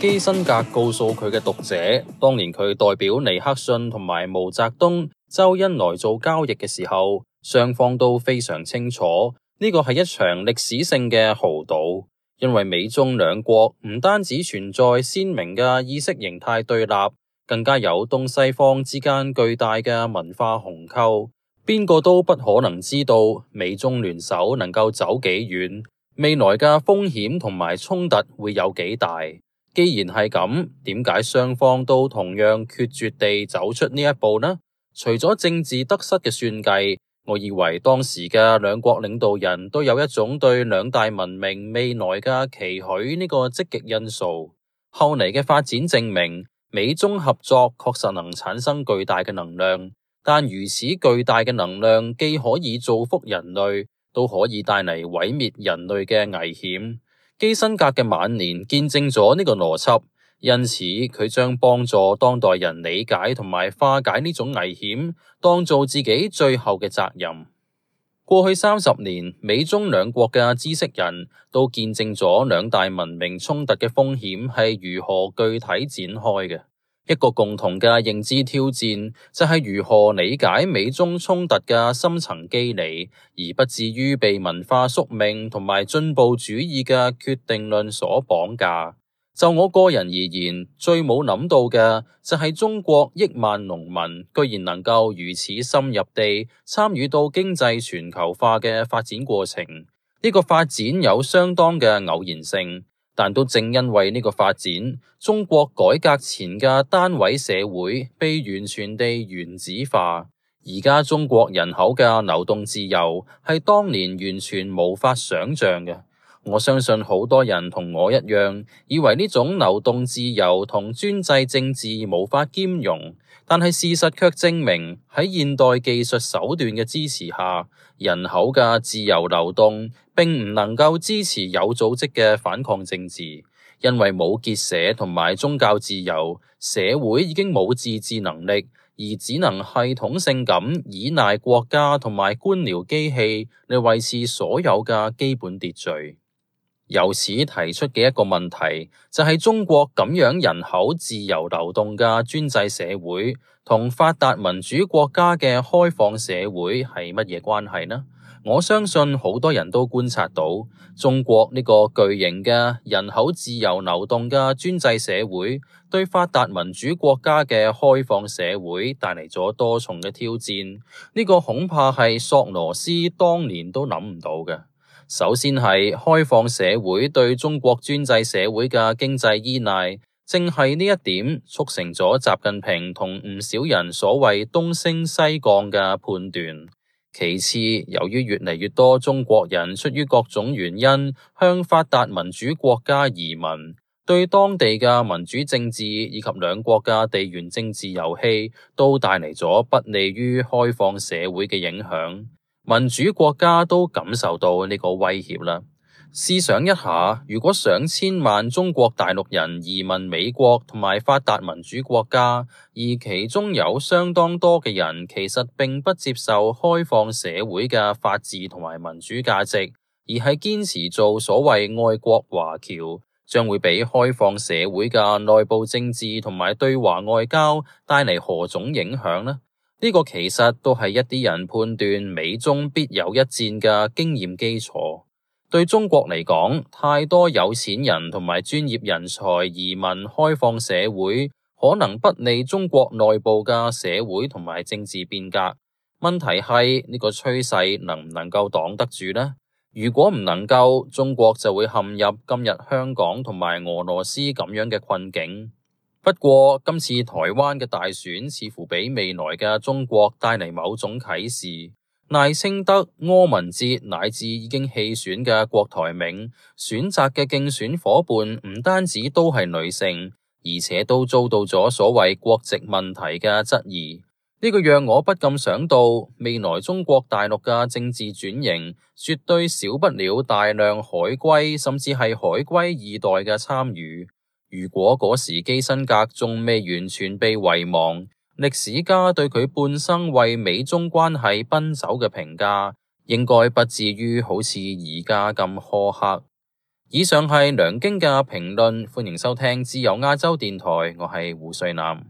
基辛格告訴佢嘅讀者，當年佢代表尼克遜同埋毛澤東、周恩來做交易嘅時候，雙方都非常清楚，呢個係一場歷史性嘅豪賭，因為美中兩國唔單止存在鮮明嘅意識形態對立，更加有東西方之間巨大嘅文化鴻溝，邊個都不可能知道，美中聯手能夠走幾遠，未來嘅風險同埋衝突會有幾大。既然係咁，點解雙方都同樣決絕地走出呢一步呢？除咗政治得失嘅算計，我以為當時嘅兩國領導人都有一種對兩大文明未來嘅期許呢個積極因素。後嚟嘅發展證明，美中合作確實能產生巨大嘅能量，但如此巨大嘅能量既可以造福人類，都可以帶嚟毀滅人類嘅危險。基辛格嘅晚年見證咗呢個邏輯，因此佢將幫助當代人理解同埋化解呢種危險，當做自己最後嘅責任。過去三十年，美中兩國嘅知識人都見證咗兩大文明衝突嘅風險係如何具體展開嘅。一個共同嘅認知挑戰就係如何理解美中衝突嘅深層機理，而不至於被文化宿命同埋進步主義嘅決定論所綁架。就我個人而言，最冇諗到嘅就係中國億萬農民居然能夠如此深入地參與到經濟全球化嘅發展過程。呢、這個發展有相當嘅偶然性。但都正因為呢個發展，中國改革前嘅單位社會被完全地原子化，而家中國人口嘅流動自由係當年完全無法想象嘅。我相信好多人同我一樣，以為呢種流動自由同專制政治無法兼容。但係事實卻證明，喺現代技術手段嘅支持下，人口嘅自由流動並唔能夠支持有組織嘅反抗政治，因為冇結社同埋宗教自由，社會已經冇自治能力，而只能系統性咁依賴國家同埋官僚機器嚟維持所有嘅基本秩序。由此提出嘅一個問題就係，中國咁樣人口自由流動嘅專制社會同發達民主國家嘅開放社會係乜嘢關係呢？我相信好多人都觀察到，中國呢個巨型嘅人口自由流動嘅專制社會對發達民主國家嘅開放社會帶嚟咗多重嘅挑戰。呢個恐怕係索羅斯當年都諗唔到嘅。首先，係開放社會對中國專制社會嘅經濟依賴，正係呢一點促成咗習近平同唔少人所謂東升西降嘅判斷。其次，由於越嚟越多中國人出於各種原因向發達民主國家移民，對當地嘅民主政治以及兩國嘅地緣政治遊戲都帶嚟咗不利於開放社會嘅影響。民主國家都感受到呢個威脅啦。試想一下，如果上千萬中國大陸人移民美國同埋發達民主國家，而其中有相當多嘅人其實並不接受開放社會嘅法治同埋民主價值，而係堅持做所謂愛國華僑，將會畀開放社會嘅內部政治同埋對華外交帶來何種影響呢？呢個其實都係一啲人判斷美中必有一戰嘅經驗基礎。對中國嚟講，太多有錢人同埋專業人才移民開放社會，可能不利中國內部嘅社會同埋政治變革。問題係呢個趨勢能唔能夠擋得住呢？如果唔能夠，中國就會陷入今日香港同埋俄羅斯咁樣嘅困境。不過今次台灣嘅大選似乎畀未來嘅中國帶嚟某種啟示，賴清德、柯文哲乃至已經棄選嘅郭台銘，選擇嘅競選伙伴唔單止都係女性，而且都遭到咗所謂國籍問題嘅質疑。呢、這個讓我不禁想到，未來中國大陸嘅政治轉型，絕對少不了大量海歸甚至係海歸二代嘅參與。如果嗰時基辛格仲未完全被遺忘，歷史家對佢半生為美中關係奔走嘅評價，應該不至於好似而家咁苛刻。以上係梁京嘅評論，歡迎收聽自由亞洲電台，我係胡瑞南。